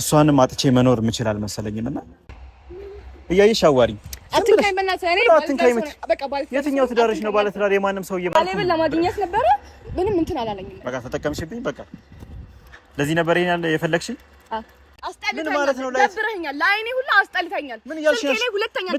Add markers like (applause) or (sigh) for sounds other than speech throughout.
እሷንም አጥቼ መኖር የምችል አልመሰለኝም። እና እያየሽ አዋሪ የትኛው ትዳርሽ ነው? ባለትዳር የማንም ሰው ለማግኘት ነበረ። ምንም እንትን አላለኝም። በቃ ተጠቀምሽብኝ። በቃ ለዚህ ነበር የፈለግሽኝ። ምን ማለት ነው? ደብረኸኛል። ለአይኔ ሁላ ምን እያልሽ ነው? ሁለተኛ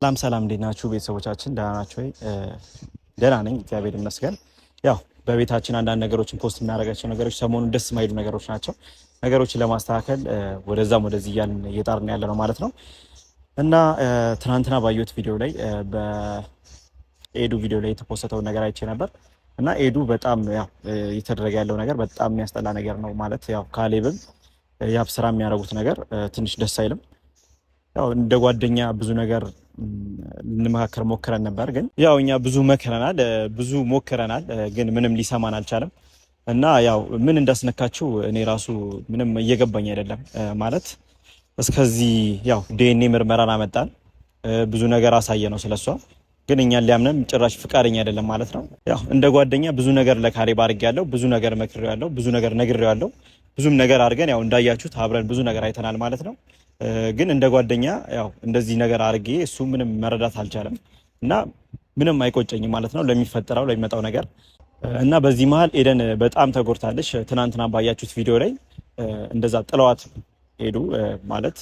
ሰላም ሰላም፣ እንዴት ናችሁ ቤተሰቦቻችን? ደህና ናችሁ ወይ? ደህና ነኝ፣ እግዚአብሔር ይመስገን። ያው በቤታችን አንዳንድ ነገሮችን ፖስት የምናደርጋቸው ነገሮች ሰሞኑን ደስ የማይሉ ነገሮች ናቸው። ነገሮችን ለማስተካከል ወደዛም ወደዚህ እያልን እየጣርን ያለ ነው ማለት ነው እና ትናንትና ባየሁት ቪዲዮ ላይ በኤዱ ቪዲዮ ላይ የተፖሰተውን ነገር አይቼ ነበር እና ኤዱ በጣም ያው እየተደረገ ያለው ነገር በጣም የሚያስጠላ ነገር ነው ማለት ያው ካሌብም ያብ ስራ የሚያደርጉት ነገር ትንሽ ደስ አይልም። ያው እንደ ጓደኛ ብዙ ነገር ልንመካከር ሞክረን ነበር። ግን ያው እኛ ብዙ መክረናል፣ ብዙ ሞክረናል፣ ግን ምንም ሊሰማን አልቻለም። እና ያው ምን እንዳስነካችው እኔ ራሱ ምንም እየገባኝ አይደለም። ማለት እስከዚህ ያው ዲኤንኤ ምርመራን አመጣን፣ ብዙ ነገር አሳየ ነው ስለሷ ግን እኛን ሊያምነን ጭራሽ ፍቃደኛ አይደለም ማለት ነው። ያው እንደ ጓደኛ ብዙ ነገር ባርግ ያለው ብዙ ነገር ያለው ብዙ ነገር ያለው ብዙም ነገር አድርገን ያው እንዳያችሁት አብረን ብዙ ነገር አይተናል ማለት ነው። ግን እንደ ጓደኛ ያው እንደዚህ ነገር አድርጌ እሱ ምንም መረዳት አልቻለም እና ምንም አይቆጨኝም ማለት ነው ለሚፈጠረው ለሚመጣው ነገር እና በዚህ መሀል ኤደን በጣም ተጎድታለች። ትናንትና ባያችሁት ቪዲዮ ላይ እንደዛ ጥለዋት ሄዱ ማለት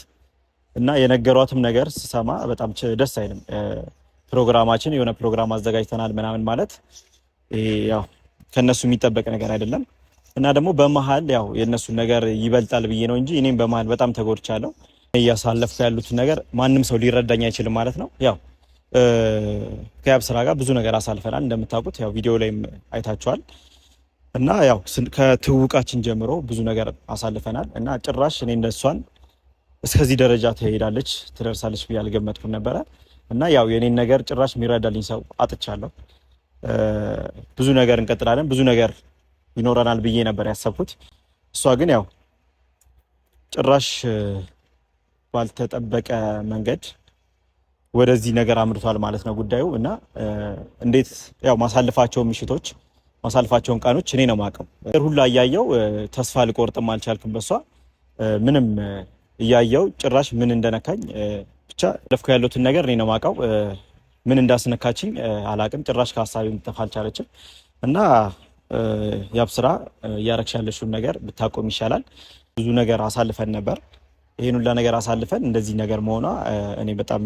እና የነገሯትም ነገር ስሰማ በጣም ደስ አይልም። ፕሮግራማችን የሆነ ፕሮግራም አዘጋጅተናል ምናምን ማለት ያው ከእነሱ የሚጠበቅ ነገር አይደለም። እና ደግሞ በመሀል ያው የእነሱን ነገር ይበልጣል ብዬ ነው እንጂ እኔም በመሀል በጣም ተጎድቻለሁ። እያሳለፍኩ ያሉትን ነገር ማንም ሰው ሊረዳኝ አይችልም ማለት ነው። ያው ከያብ ስራ ጋር ብዙ ነገር አሳልፈናል እንደምታውቁት፣ ያው ቪዲዮ ላይም አይታችኋል። እና ያው ከትውቃችን ጀምሮ ብዙ ነገር አሳልፈናል እና ጭራሽ እኔ እነሷን እስከዚህ ደረጃ ትሄዳለች ትደርሳለች ብዬ አልገመትኩም ነበረ። እና ያው የኔን ነገር ጭራሽ የሚረዳልኝ ሰው አጥቻለሁ። ብዙ ነገር እንቀጥላለን ብዙ ነገር ይኖረናል ብዬ ነበር ያሰብኩት። እሷ ግን ያው ጭራሽ ባልተጠበቀ መንገድ ወደዚህ ነገር አምርቷል ማለት ነው ጉዳዩ እና እንዴት ያው ማሳልፋቸውን ምሽቶች ማሳልፋቸውን ቀኖች እኔ ነው የማውቀው። ነገር ሁሉ እያየው ተስፋ ልቆርጥም አልቻልክም በሷ ምንም እያየው ጭራሽ ምን እንደነካኝ ብቻ ለፍኩ ያለትን ነገር እኔ ነው የማውቀው። ምን እንዳስነካችኝ አላቅም። ጭራሽ ከሀሳቢ ልትጠፋ አልቻለችም እና ያብ ስራ እያረግሽ ያለሽውን ነገር ብታቆም ይሻላል። ብዙ ነገር አሳልፈን ነበር። ይህን ሁላ ነገር አሳልፈን እንደዚህ ነገር መሆኗ እኔ በጣም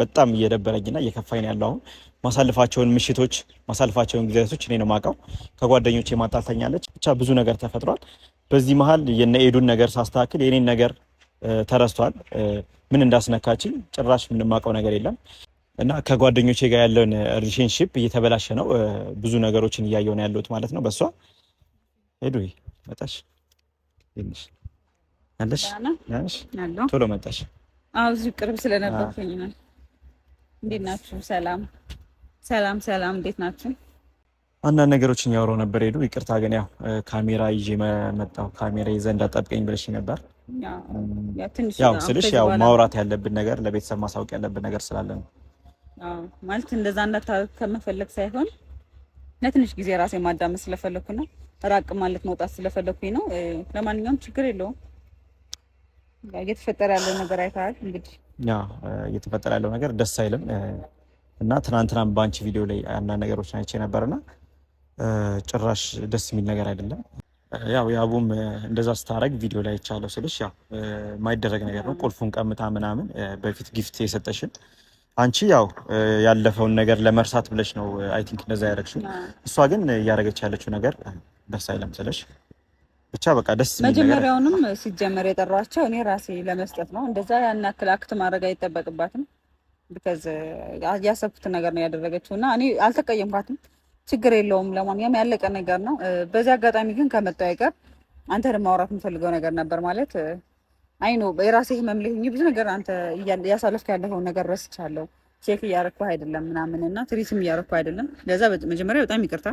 በጣም እየደበረኝና እየከፋኝ ያለው አሁን ማሳልፋቸውን ምሽቶች ማሳልፋቸውን ጊዜያቶች እኔ ነው ማውቀው። ከጓደኞች ማጣልተኛለች። ብቻ ብዙ ነገር ተፈጥሯል። በዚህ መሀል የነ ኤዱን ነገር ሳስተካክል የኔን ነገር ተረስቷል። ምን እንዳስነካችኝ ጭራሽ ምንም ማውቀው ነገር የለም። እና ከጓደኞቼ ጋር ያለውን ሪሌሽንሽፕ እየተበላሸ ነው። ብዙ ነገሮችን እያየው ነው ያለሁት ማለት ነው። በእሷ ሄዱ መጣሽ ትንሽ አለሽ ነሽ ቶሎ መጣሽ። እዚሁ ቅርብ ስለነበርኩኝ ነው። እንዴት ናችሁ? ሰላም ሰላም ሰላም፣ እንዴት ናችሁ? አንዳንድ ነገሮችን ያወራው ነበር ሄዱ። ይቅርታ ግን ያው ካሜራ ይዤ መጣሁ። ካሜራ ይዘህ እንዳጠብቀኝ ብለሽ ነበር። ያው ስልሽ ያው ማውራት ያለብን ነገር ለቤተሰብ ማሳወቅ ያለብን ነገር ስላለ ነው ማለት እንደዛ እንዳታረግ ከመፈለግ ሳይሆን ለትንሽ ጊዜ ራሴ ማዳመጥ ስለፈለኩ ነው። ራቅ ማለት መውጣት ስለፈለኩኝ ነው። ለማንኛውም ችግር የለውም። እየተፈጠረ ያለው ነገር አይተሃል እንግዲህ። እየተፈጠረ ያለው ነገር ደስ አይልም እና ትናንትና በአንቺ ቪዲዮ ላይ አንዳንድ ነገሮች አይቼ ነበርና ጭራሽ ደስ የሚል ነገር አይደለም። ያው የአቡም እንደዛ ስታረግ ቪዲዮ ላይ ይቻለው ስልሽ ያው የማይደረግ ነገር ነው። ቁልፉን ቀምታ ምናምን በፊት ጊፍት የሰጠሽን አንቺ ያው ያለፈውን ነገር ለመርሳት ብለሽ ነው አይ ቲንክ እንደዛ ያደረግሽው። እሷ ግን እያደረገች ያለችው ነገር ደስ አይለም ስለሽ ብቻ በቃ ደስ መጀመሪያውንም ሲጀመር የጠሯቸው እኔ ራሴ ለመስጠት ነው። እንደዛ ያን ያክል አክት ማድረግ አይጠበቅባትም። ቢካዝ ያሰብኩት ነገር ነው ያደረገችው እና እኔ አልተቀየምኳትም። ችግር የለውም። ለማንኛውም ያለቀ ነገር ነው። በዚህ አጋጣሚ ግን ከመጣሁ አይቀር አንተን ማውራት የምፈልገው ነገር ነበር ማለት አይ ኖ የራሴ ህመም ላይ ሆኜ ብዙ ነገር አንተ እያሳለፍክ ያለኸውን ነገር ረስቻለሁ። ቼክ እያረኩ አይደለም ምናምን እና ትሪትም እያረኩ አይደለም። ለዛ መጀመሪያ በጣም ይቅርታ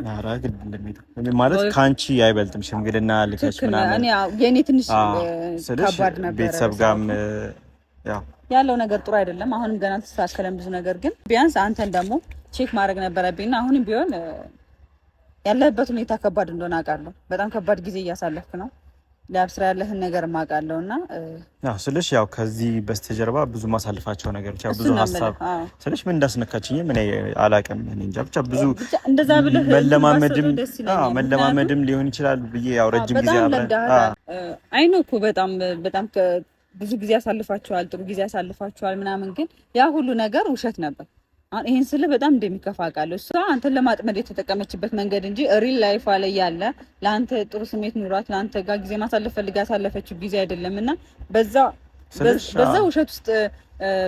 ማለት ከአንቺ አይበልጥም። ሽምግልና ልጆች ምናምን የእኔ ትንሽ ከባድ ነበረ። ቤተሰብ ጋርም ያለው ነገር ጥሩ አይደለም። አሁንም ገና ተስተካከለን ብዙ ነገር ግን ቢያንስ አንተን ደግሞ ቼክ ማድረግ ነበረብኝ ነበረብኝና አሁንም ቢሆን ያለህበት ሁኔታ ከባድ እንደሆነ አውቃለሁ። በጣም ከባድ ጊዜ እያሳለፍክ ነው። ለአብስራ ያለህን ነገር ማውቃለሁ እና ስልሽ ያው ከዚህ በስተጀርባ ብዙ ማሳልፋቸው ነገሮች ያው ብዙ ሀሳብ ስልሽ ምን እንዳስነካችኝ ምን አላውቅም። እንጃ ብቻ ብዙ መለማመድም መለማመድም ሊሆን ይችላል ብዬ ያው ረጅም ጊዜ አይ ነው እኮ በጣም በጣም ብዙ ጊዜ ያሳልፋችኋል፣ ጥሩ ጊዜ ያሳልፋችኋል ምናምን፣ ግን ያ ሁሉ ነገር ውሸት ነበር። ይህን ይሄን ስል በጣም እንደሚከፋ ቃለሁ። እሷ አንተን ለማጥመድ የተጠቀመችበት መንገድ እንጂ ሪል ላይፍ ላይ ያለ ለአንተ ጥሩ ስሜት ኑሯት ለአንተ ጋር ጊዜ ማሳለፍ ፈልጋ ያሳለፈችው ጊዜ አይደለም እና በዛ ውሸት ውስጥ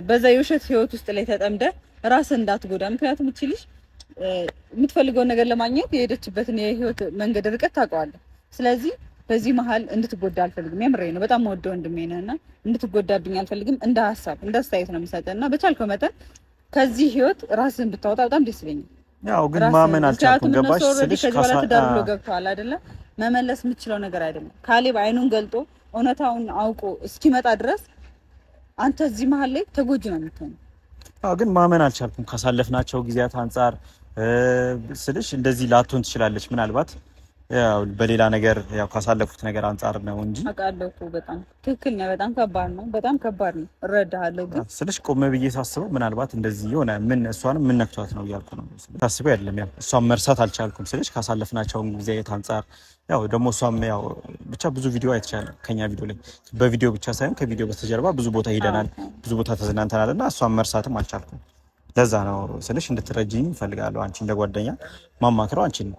በዛ የውሸት ህይወት ውስጥ ላይ ተጠምደ ራስ እንዳትጎዳ። ምክንያቱም እቺ ልጅ የምትፈልገውን ነገር ለማግኘት የሄደችበትን የህይወት መንገድ ርቀት ታውቀዋለህ። ስለዚህ በዚህ መሀል እንድትጎዳ አልፈልግም። የምሬ ነው። በጣም ወደ ወንድሜ ነህ እና እንድትጎዳብኝ አልፈልግም። እንደ ሀሳብ እንደ አስተያየት ነው የምሰጠህ እና በቻልከው መጠን ከዚህ ህይወት ራስን ብታወጣ በጣም ደስ ይለኛል። ያው ግን ማመን አልቻልኩም። ገባሽ ስልሽ ከዛ ትዳር ገብቷል አይደለ? መመለስ የምችለው ነገር አይደለም። ካሌብ አይኑን ገልጦ እውነታውን አውቆ እስኪመጣ ድረስ አንተ እዚህ መሀል ላይ ተጎጂ ነው የምትሆነው። አዎ ግን ማመን አልቻልኩም። ካሳለፍናቸው ጊዜያት አንጻር ስልሽ እንደዚህ ላትሆን ትችላለች ምናልባት ያው በሌላ ነገር ያው ካሳለፉት ነገር አንጻር ነው እንጂ አቃለፉ በጣም ትክክል ነው። በጣም ከባድ ነው። በጣም ከባድ ነው። እረዳሃለሁ። ግን ስልሽ ቆመ ብዬ ሳስበው ምናልባት እንደዚህ የሆነ ምን እሷንም ምን ነክቷት ነው እያልኩ ነው። ሳስበው አይደለም ያው እሷን መርሳት አልቻልኩም ስልሽ ካሳለፍናቸውን ጊዜያት አንጻር ያው ደግሞ እሷም ያው ብቻ ብዙ ቪዲዮ አይተቻለ ከኛ ቪዲዮ ላይ በቪዲዮ ብቻ ሳይሆን ከቪዲዮ በስተጀርባ ብዙ ቦታ ሄደናል፣ ብዙ ቦታ ተዝናንተናል እና እሷን መርሳትም አልቻልኩም። ለዛ ነው ስልሽ እንድትረጅኝ እፈልጋለሁ። አንቺ እንደ ጓደኛ ማማክረው አንቺን ነው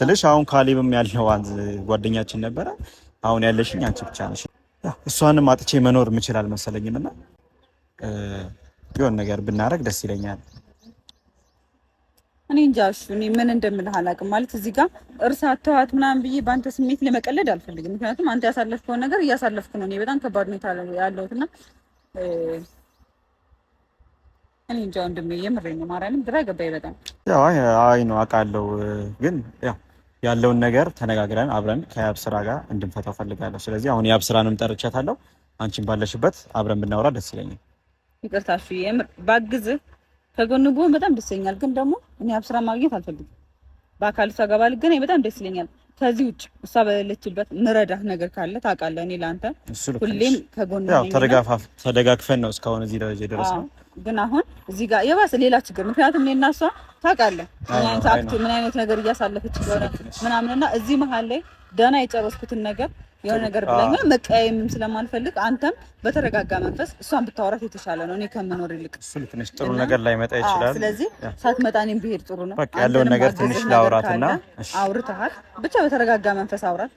ስልሽ አሁን ካሊብም ያለው ጓደኛችን ነበረ። አሁን ያለሽኝ አንቺ ብቻ ነሽ። እሷንም አጥቼ መኖር የምችል አልመሰለኝም እና የሆነ ነገር ብናደርግ ደስ ይለኛል። እኔ እንጃ እሺ፣ እኔ ምን እንደምልህ አላውቅም። ማለት እዚህ ጋር እርስ አተዋት ምናምን ብዬ በአንተ ስሜት ለመቀለድ አልፈልግም። ምክንያቱም አንተ ያሳለፍከውን ነገር እያሳለፍክ ነው። እኔ በጣም ከባድ ሁኔታ ያለሁት እና እኔ እንጃ ወንድሜ የምሬ ነው። ማርያምን ግራ ገባኝ በጣም አይ ነው አውቃለሁ፣ ግን ያው ያለውን ነገር ተነጋግረን አብረን ከያብ ስራ ጋር እንድንፈታው ፈልጋለሁ። ስለዚህ አሁን ያብ ስራንም ጠርቻታለሁ። አንቺን ባለሽበት አብረን ብናወራ ደስ ይለኛል። ይቅርታ እሱ የምር ባግዝህ ከጎን ብሆን በጣም ደስ ይለኛል፣ ግን ደግሞ እኔ ያብ ስራ ማግኘት አልፈልግም። በአካል እሷ ጋር ባልገናኝ በጣም ደስ ይለኛል። ከዚህ ውጭ እሷ በሌለችበት ምረዳህ ነገር ካለ ታውቃለህ፣ እኔ ለአንተ ሁሌም ከጎን ያው ተደጋግፈን ነው እስካሁን እዚህ ደረጃ የደረስነው ግን አሁን እዚህ ጋር የባሰ ሌላ ችግር ምክንያቱም እኔ እና እሷ ታውቃለህ ምን አይነት ምን አይነት ነገር እያሳለፈች እንደሆነ ምናምንና እዚህ መሀል ላይ ደህና የጨረስኩትን ነገር የሆነ ነገር ብላኛ መቀያየምም ስለማልፈልግ አንተም በተረጋጋ መንፈስ እሷን ብታወራት የተሻለ ነው፣ እኔ ከምኖር ይልቅ ትንሽ ጥሩ ነገር ላይ መጣ ይችላል። ስለዚህ ሳትመጣ እኔም ብሄድ ጥሩ ነው። ያለውን ነገር ትንሽ ላውራትና አውርተሃል፣ ብቻ በተረጋጋ መንፈስ አውራት።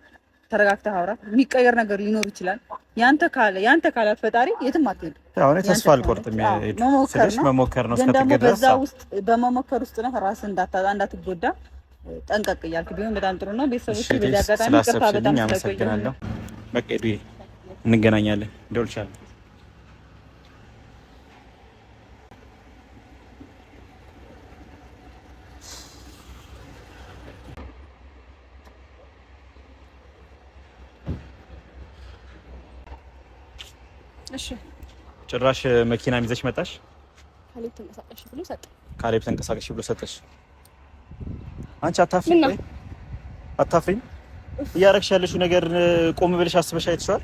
ተረጋግተህ አውራ። የሚቀየር ነገር ሊኖር ይችላል። ያንተ ካለ ያንተ ካላት ፈጣሪ የትም አትሄድ። አሁን ተስፋ አልቆርጥም ስለሽ መሞከር ነው። ደግሞ በዛ ውስጥ በመሞከር ውስጥ ነህ ራስ እንዳታጣ እንዳትጎዳ ጠንቀቅ እያልክ ቢሆን በጣም ጥሩ ነው። ቤተሰቦች በዚህ አጋጣሚ ቅርታ በጣም ስለቆየ በቃ እንገናኛለን። ደውልሻለሁ ጭራሽ መኪና ይዘሽ መጣሽ። ካሌብ ተንቀሳቀሽ ብሎ ሰጠሽ። ካሌብ ተንቀሳቀሽ ብሎ ሰጠሽ። አንቺ አታፍሪም? አታፍሪም? እያረግሽ ያለሽው ነገር ቆም ብለሽ አስበሽ አይተሽዋል?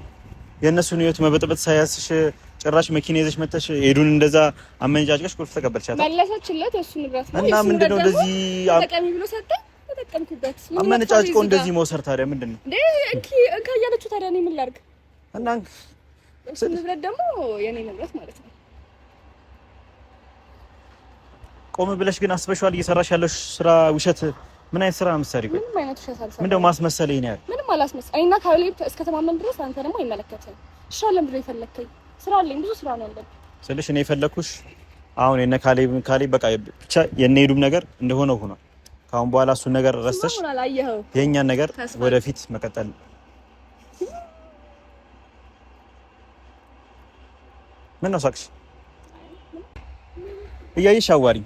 የእነሱን ህይወት መበጥበጥ ሳያስሽ ጭራሽ መኪና ይዘሽ መጣሽ። ሄዱን እንደዛ አመነጫጭቀሽ ቁልፍ ተቀበልሻት። መለሰችለት። እሱ ንብረት ነው እና ምንድነው እንደዚህ ተጠቀሚ ብሎ ሰጠ። ተጠቀምኩበት። አመነጫጭቆ እንደዚህ መውሰድ ታዲያ ምንድነው እንዴ? እንካ እያለችው ታዲያ እኔ ምን ላድርግ እና እሱ ንብረት ደግሞ የኔ ንብረት ማለት ነው። ቆም ብለሽ ግን አስበሽዋል? እየሰራሽ ያለሽ ስራ ውሸት፣ ምን አይነት ስራ ነው የምትሰሪው? ምንም አይነት ውሸት አልሰራም። ምንድን ነው ማስመሰል? ይሄን ያህል ምንም አላስመሰል። እኔና ካሌብ እስከተማመን ድረስ አንተ ደግሞ አይመለከትም። እሺ አለን ብሎ የፈለግከኝ ስራ አለኝ፣ ብዙ ስራ ነው ያለብኝ ስልሽ እኔ የፈለግኩሽ አሁን የነ ካሌብ ካሌብ በቃ ብቻ የነ ሄዱም ነገር እንደሆነ ሆኗል። ከአሁን በኋላ እሱን ነገር ረስተሽ የእኛን ነገር ወደፊት መቀጠል ምን ነው ሳቅሽ? እያየሽ አዋሪኝ።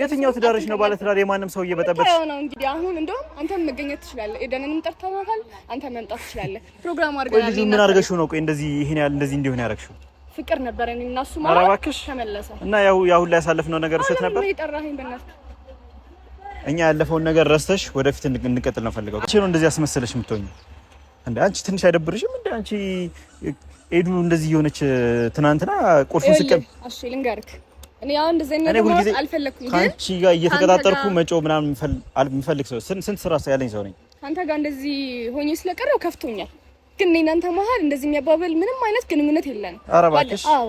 የትኛው ትዳርሽ ነው ባለትዳር? የማንም ሰው እየበጠበጥሽ ነው እንግዲህ። አሁን እንደውም አንተ መገኘት ትችላለህ። ኤደንንም ጠርተናታል። አንተ መምጣት ትችላለህ። ፕሮግራም አድርገናል። ምን አድርገሽው ነው? ቆይ እንደዚህ ይሄን ያህል እንደዚህ እንዲሆን ያደረግሽው? ፍቅር ነበር እኔ እና እሱ ማለት እባክሽ። ተመለሰ እና ያው ያው ላይ ያሳለፍነው ነገር ውሸት ነበር። እኛ ያለፈውን ነገር ረስተሽ ወደፊት እንቀጥል ነው ፈልገው። እቺ ነው እንደዚህ ያስመሰለሽ የምትሆኚ እንዴ? አንቺ ትንሽ አይደብርሽም እንዴ አንቺ ኤዱ እንደዚህ የሆነች ትናንትና ቁልፉን ስቀም እሺ፣ ልንገርክ እኔ አሁን እንደዚህ አይነት ነገር አልፈለኩም። ጋር እየተቀጣጠርኩ መጮ ምናምን የሚፈልግ ሰው ስንት ስራ ያለኝ ሰው ነኝ። ከአንተ ጋር እንደዚህ ሆኜ ስለቀረው ከፍቶኛል፣ ግን እናንተ መሀል እንደዚህ የሚያባበል ምንም አይነት ግንኙነት የለን ኧረ እባክሽ። አዎ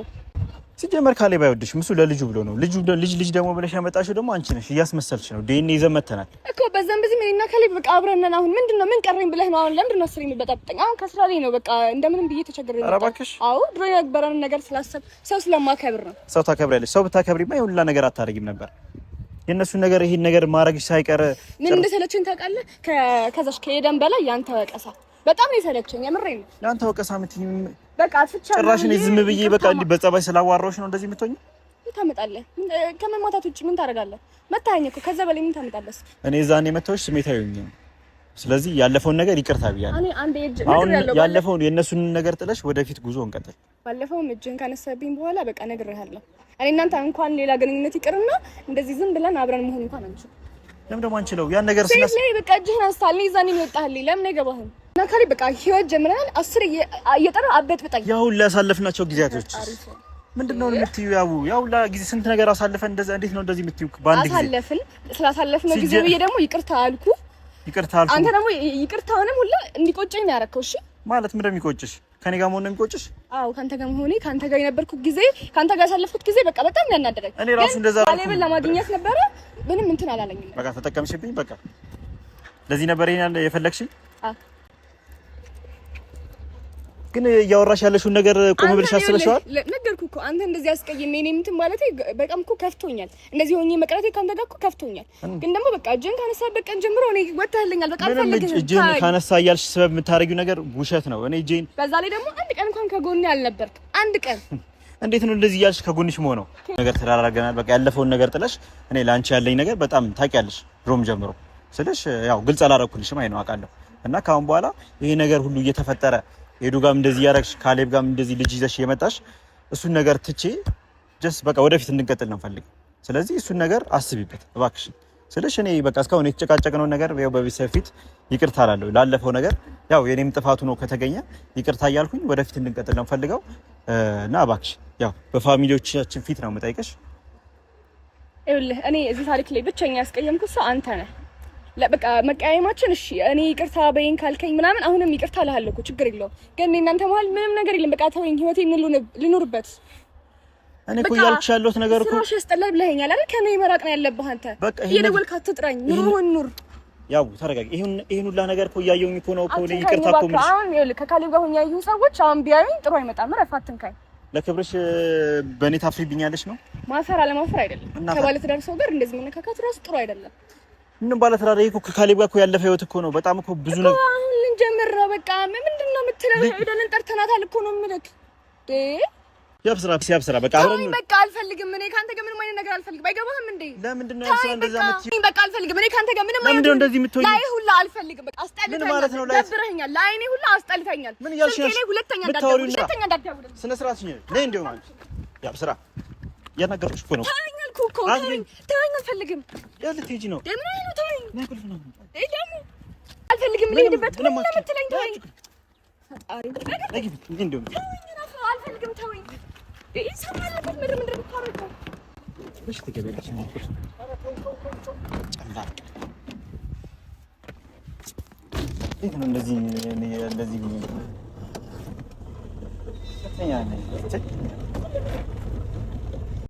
ሲጀመር ካሌ ባይወድሽ ምሱ ለልጁ ብሎ ነው። ልጁ ልጅ ልጅ ደግሞ ብለሽ ያመጣሽው ደግሞ አንቺ ነሽ፣ እያስመሰልሽ ነው። ዴን ይዘን መተናል እኮ በዛም በዚህ ምን እና ካሌ በቃ አብረን ነን። አሁን ምንድነው ምን ቀረኝ ብለህ ነው? አሁን ለምንድን ነው ስሪ የሚበጣጥጠኝ? አሁን ከስራ ላይ ነው በቃ እንደምንም ብዬ ተቸግሬ ነው። ኧረ እባክሽ። አዎ ድሮ የነበረን ነገር ስላሰብ ሰው ስለማከብር ነው። ሰው ታከብሪያለሽ። ሰው ብታከብሪማ ይሄ ሁላ ነገር አታረጊም ነበር። የእነሱን ነገር ይሄን ነገር ማድረግ ሳይቀር ምን እንደሰለችን ታውቃለህ? ከዛሽ ከሄደን በላይ ያንተ ወቀሳ በጣም ነው የሰለችኝ። የምሬን ነው ያንተ ወቀሳ ምትይም በቃ አትፍቻለሁ። ጭራሽ እኔ ዝም ብዬ በቃ እንዲህ በጸባይ ስላዋራሁሽ ነው እንደዚህ የምትሆኝ? ምን ታመጣለህ? ከመማታት ውጭ ምን ታደርጋለህ? መታኝ እኮ ከዛ በላይ ምን ታመጣለህ? እኔ እዛኔ መታሁሽ ስሜታዊ ሆኜ ነው። ስለዚህ ያለፈውን ነገር ይቅርታ ብያለሁ። ያለፈውን የእነሱን ነገር ጥለሽ ወደፊት ጉዞ እንቀጥል። ባለፈውም እጅህን ካነሳብኝ በኋላ በቃ ነግሬሃለሁ። እኔ እናንተ እንኳን ሌላ ግንኙነት ይቅርና እንደዚህ ዝም ብለን አብረን መሆን እንኳን አንችልም። ለምን ደግሞ አንችለው ያን ነገር ስናስ ላይ በቃ እጅህን አስታል ነው ይዛን ለምን አይገባህም? እና ካሪ በቃ ህይወት ጀምረናል። አስር እየጠራ አበት በጣኝ ያው ላሳለፍናቸው ጊዜያቶች ምንድነው የምትዩ? ያው ያው ጊዜ ስንት ነገር አሳልፈን እንደዛ እንዴት ነው እንደዚህ የምትዩ? ባንድ ጊዜ አሳለፍን። ስላሳለፍነው ጊዜ ብዬ ደግሞ ይቅርታ አልኩ። ይቅርታ አልኩ። አንተ ደግሞ ይቅርታውንም ሁላ እንዲቆጨኝ ያረከው። እሺ ማለት ከኔ ጋር መሆን የሚቆጭሽ? አዎ ካንተ ጋር መሆኔ ካንተ ጋር የነበርኩት ጊዜ ካንተ ጋር ያሳለፍኩት ጊዜ በቃ በጣም ያናደረኝ። እኔ ራሱ እንደዛ አለብን ለማግኘት ነበረ ምንም እንትን አላለኝም። በቃ ተጠቀምሽብኝ። በቃ ለዚህ ነበር ይሄን የፈለግሽኝ? አዎ ግን እያወራሽ ያለሽውን ነገር ቆም ብለሽ አስበሽዋል? ነገርኩ እኮ አንተ እንደዚህ አስቀይሜ እኔ እንትን ማለቴ በጣም እኮ ከፍቶኛል። እንደዚህ ሆኜ መቅረቴ ካንተ ጋር እኮ ከፍቶኛል። ግን ደግሞ በቃ እጅህን ካነሳበት ቀን ጀምሮ እኔ ወጥተህልኛል። በቃ አልፈልግህም። እጅህን ካነሳ እያልሽ ስበብ የምታደርጊው ነገር ውሸት ነው። እኔ እጄን በዛ ላይ ደግሞ አንድ ቀን እንኳን ከጎኔ አልነበርክ። አንድ ቀን (laughs) እንዴት ነው እንደዚህ እያልሽ ከጎንሽ መሆነው ነገር ተደራረገናል። በቃ ያለፈውን ነገር ጥለሽ እኔ ላንቺ ያለኝ ነገር በጣም ታውቂያለሽ። ድሮም ጀምሮ ስልሽ ያው ግልጽ አላረኩልሽም። አይ ነው አውቃለሁ። እና ከአሁን በኋላ ይሄ ነገር ሁሉ እየተፈጠረ ሄዱ ጋም እንደዚህ ያረግሽ ካሌብ ጋም እንደዚህ ልጅ ይዘሽ የመጣሽ እሱን ነገር ትቼ ጀስ በቃ ወደፊት እንድንቀጥል ነው ፈልግ። ስለዚህ እሱን ነገር አስቢበት እባክሽ ስልሽ እኔ በቃ እስካሁን የተጨቃጨቅነውን ነገር ያው በቤተሰብ ፊት ይቅርታ አላለሁ። ላለፈው ነገር ያው የኔም ጥፋቱ ነው ከተገኘ ይቅርታ እያልኩኝ ወደፊት እንድንቀጥል ነው ፈልገው እና እባክሽ ያው በፋሚሊዎቻችን ፊት ነው የምጠይቅሽ። ይኸውልህ እኔ እዚህ ታሪክ ላይ ብቸኛ ያስቀየምኩ እሷ አንተ ነህ። በቃ መቀያየማችን እሺ፣ እኔ ይቅርታ በይን ካልከኝ ምናምን አሁንም ይቅርታ እልሃለሁ እኮ ችግር የለውም። ግን እናንተ መሀል ምንም ነገር የለም። በቃ ተወኝ፣ ህይወቴ ምን ልኑርበት። እኔ እኮ እያልኩሽ ያለሁት ነገር እኮ ስራሽ ያስጠላል ብለኸኛል አይደል? ከእኔ መራቅ ነው ያለብህ አንተ። እየደወልክ አትጥራኝ፣ ኑሮህን ኑር። ያው ተረጋጊ። ይሄን ሁላ ነገር እኮ እያየሁኝ እኮ ነው እኮ እኔ ይቅርታ እኮ የምልሽ። አሁን ይኸውልህ ከካሌብ ጋር ሆኜ ያየሁ ሰዎች አሁን ቢያዩኝ ጥሩ አይመጣም። እረፍ አትንካኝ። ለክብርሽ በእኔ ታፍሪብኛለሽ ነው። ማፈር አለማፈር አይደለም። ከባለትዳር ሰው ጋር እንደዚህ መነካካት ራሱ ጥሩ አይደለም። ምንም ባለ ተራራ እኮ ከካሌብ ጋር እኮ ያለፈ ህይወት እኮ ነው። በጣም እኮ ብዙ ነው። አሁን ጀምር ነው በቃ። ምንድን ነው የምትለው? ሄደን ጠርተናታል እኮ ነው የምልህ። ያብስራ ያብስራ። በቃ አሁን በቃ አልፈልግም። እኔ ካንተ ጋር ምንም አይነት ነገር አልፈልግም። አይገባህም እንዴ? ለምንድን ነው ያብስራ እንደዛ የምትይው? በቃ አልፈልግም። እኔ ካንተ ጋር ምንም አይነት ለምንድን እንደዚህ የምትሆኝ? ላይ ሁላ አልፈልግም። በቃ አስጠልተኛል። ምን ማለት ነው? ላይ ደብረኸኛል። ላይ እኔ ሁላ አስጠልተኛል። ምን ያልሽ? ሁለተኛ እንዳትደውል፣ ሁለተኛ እንዳትደውል። ስነ ስርዓት ነኝ። ነይ እንደው አንቺ ያብስራ እያናገርኩሽ እኮ ነው። ተወኝ አልኩህ እኮ ተወኝ። ተወኝ አልፈልግም። ልትሄጂ ነው ደግሞ ነው። ተወኝ አልፈልግም። ልሄድበት ምን ለምትለኝ? ተወኝ አልፈልግም። ተወኝ እንደዚህ እንደዚህ